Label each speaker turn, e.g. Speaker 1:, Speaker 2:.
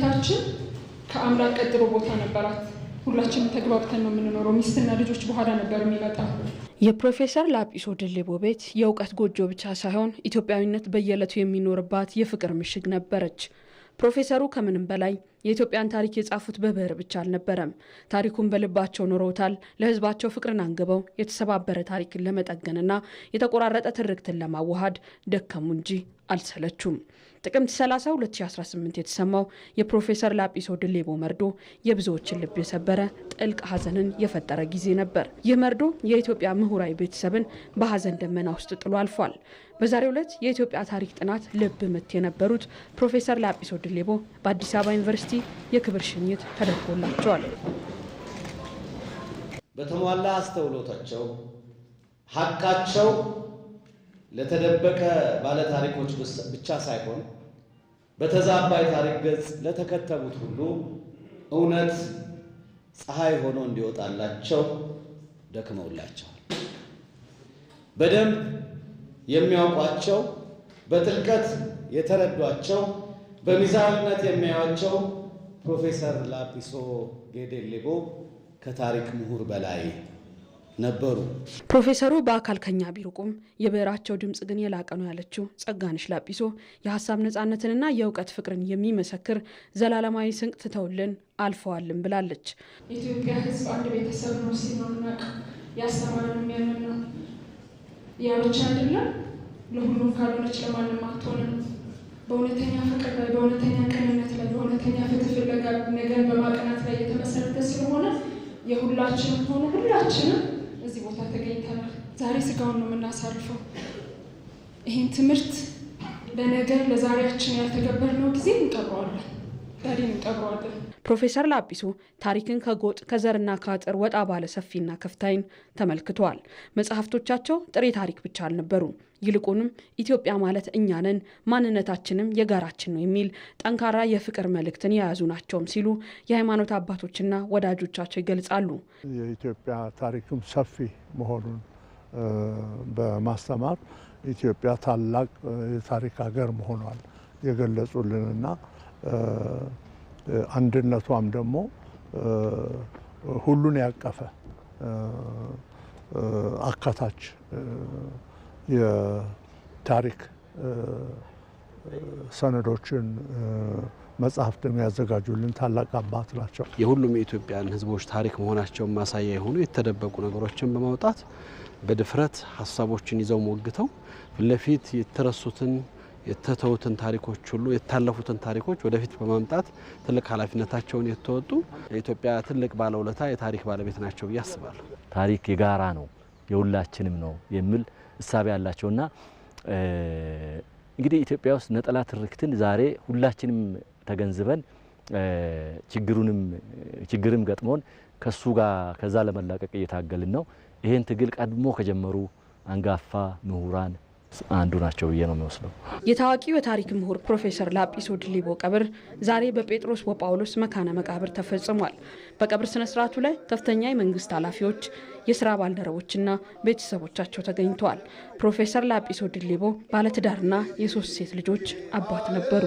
Speaker 1: ባለቤታችን ከአምላክ ቀጥሎ ቦታ ነበራት። ሁላችንም ተግባብተን ነው የምንኖረው። ሚስትና ልጆች በኋላ ነበር የሚመጣ።
Speaker 2: የፕሮፌሰር ላጲሶ ድሌቦ ቤት የእውቀት ጎጆ ብቻ ሳይሆን ኢትዮጵያዊነት በየዕለቱ የሚኖርባት የፍቅር ምሽግ ነበረች። ፕሮፌሰሩ ከምንም በላይ የኢትዮጵያን ታሪክ የጻፉት በብዕር ብቻ አልነበረም። ታሪኩን በልባቸው ኖረውታል። ለሕዝባቸው ፍቅርን አንግበው የተሰባበረ ታሪክን ለመጠገንና የተቆራረጠ ትርክትን ለማዋሃድ ደከሙ እንጂ አልሰለቹም። ጥቅምት 30 2018 የተሰማው የፕሮፌሰር ላጲሶ ድሌቦ መርዶ የብዙዎችን ልብ የሰበረ ጥልቅ ሐዘንን የፈጠረ ጊዜ ነበር። ይህ መርዶ የኢትዮጵያ ምሁራዊ ቤተሰብን በሐዘን ደመና ውስጥ ጥሎ አልፏል። በዛሬው ዕለት የኢትዮጵያ ታሪክ ጥናት ልብ ምት የነበሩት ፕሮፌሰር ላጲሶ ድሌቦ በአዲስ አበባ ዩኒቨርሲቲ የክብር ሽኝት ተደርጎላቸዋል።
Speaker 3: በተሟላ አስተውሎታቸው ሀቃቸው ለተደበቀ ባለ ታሪኮች ብቻ ሳይሆን በተዛባይ የታሪክ ገጽ ለተከተቡት ሁሉ እውነት ፀሐይ ሆኖ እንዲወጣላቸው ደክመውላቸዋል። በደንብ የሚያውቋቸው፣ በጥልቀት የተረዷቸው፣ በሚዛንነት የሚያዩአቸው ፕሮፌሰር ላጲሶ ጌዴሌቦ ከታሪክ ምሁር በላይ ነበሩ።
Speaker 2: ፕሮፌሰሩ በአካል ከኛ ቢርቁም የብዕራቸው ድምፅ ግን የላቀ ነው ያለችው ጸጋንሽ ላጲሶ የሀሳብ ነፃነትንና የእውቀት ፍቅርን የሚመሰክር ዘላለማዊ ስንቅ ትተውልን አልፈዋልም ብላለች።
Speaker 1: ኢትዮጵያ ሕዝብ አንድ ቤተሰብ ነው ሲናናቅ ያሰማን ያንን ነው። ያ አይደለም፣ ለሁሉም ካልሆነች ለማንም አትሆንም። በእውነተኛ ፍቅር ላይ፣ በእውነተኛ ቅንነት ላይ፣ በእውነተኛ ፍትህ ፍለጋ ነገር በማቅናት ላይ የተመሰረተ ስለሆነ የሁላችንም ሆኑ ሁላችንም እዚህ ቦታ ተገኝተናል። ዛሬ ስጋውን ነው የምናሳርፈው። ይህን ትምህርት ለነገር ለዛሬያችን ያልተገበርነው ጊዜ እንቀብረዋለን።
Speaker 2: ፕሮፌሰር ላጲሶ ታሪክን ከጎጥ ከዘርና ከአጥር ወጣ ባለ ሰፊና ከፍታይን ተመልክቷል። መጽሐፍቶቻቸው ጥሬ ታሪክ ብቻ አልነበሩ። ይልቁንም ኢትዮጵያ ማለት እኛንን ማንነታችንም የጋራችን ነው የሚል ጠንካራ የፍቅር መልእክትን የያዙ ናቸውም ሲሉ የሃይማኖት አባቶችና ወዳጆቻቸው ይገልጻሉ።
Speaker 4: የኢትዮጵያ ታሪክም ሰፊ መሆኑን በማስተማር ኢትዮጵያ ታላቅ የታሪክ ሀገር መሆኗል የገለጹልንና አንድነቷም ደግሞ ሁሉን ያቀፈ አካታች የታሪክ ሰነዶችን መጽሐፍትን ያዘጋጁልን ታላቅ አባት ናቸው።
Speaker 5: የሁሉም የኢትዮጵያን ሕዝቦች ታሪክ መሆናቸውን ማሳያ የሆኑ የተደበቁ ነገሮችን በማውጣት በድፍረት ሀሳቦችን ይዘው ሞግተው ፊት ለፊት የተረሱትን የተተዉትን ታሪኮች ሁሉ የታለፉትን ታሪኮች ወደፊት በማምጣት ትልቅ ኃላፊነታቸውን የተወጡ የኢትዮጵያ ትልቅ ባለውለታ የታሪክ ባለቤት ናቸው ብዬ አስባለሁ።
Speaker 6: ታሪክ የጋራ ነው፣ የሁላችንም ነው የሚል እሳቤ ያላቸውና እንግዲህ ኢትዮጵያ ውስጥ ነጠላ ትርክትን ዛሬ ሁላችንም ተገንዝበን ችግሩንም ችግርም ገጥሞን ከሱ ጋር ከዛ ለመላቀቅ እየታገልን ነው። ይሄን ትግል ቀድሞ ከጀመሩ አንጋፋ ምሁራን አንዱ ናቸው ብዬ ነው የሚወስደው።
Speaker 2: የታዋቂው የታሪክ ምሁር ፕሮፌሰር ላጲሶ ድሊቦ ቀብር ዛሬ በጴጥሮስ ወጳውሎስ መካነ መቃብር ተፈጽሟል። በቀብር ስነ ስርዓቱ ላይ ከፍተኛ የመንግስት ኃላፊዎች፣ የስራ ባልደረቦችና ቤተሰቦቻቸው ተገኝተዋል። ፕሮፌሰር ላጲሶ ድሊቦ ባለትዳርና የሶስት ሴት ልጆች አባት ነበሩ።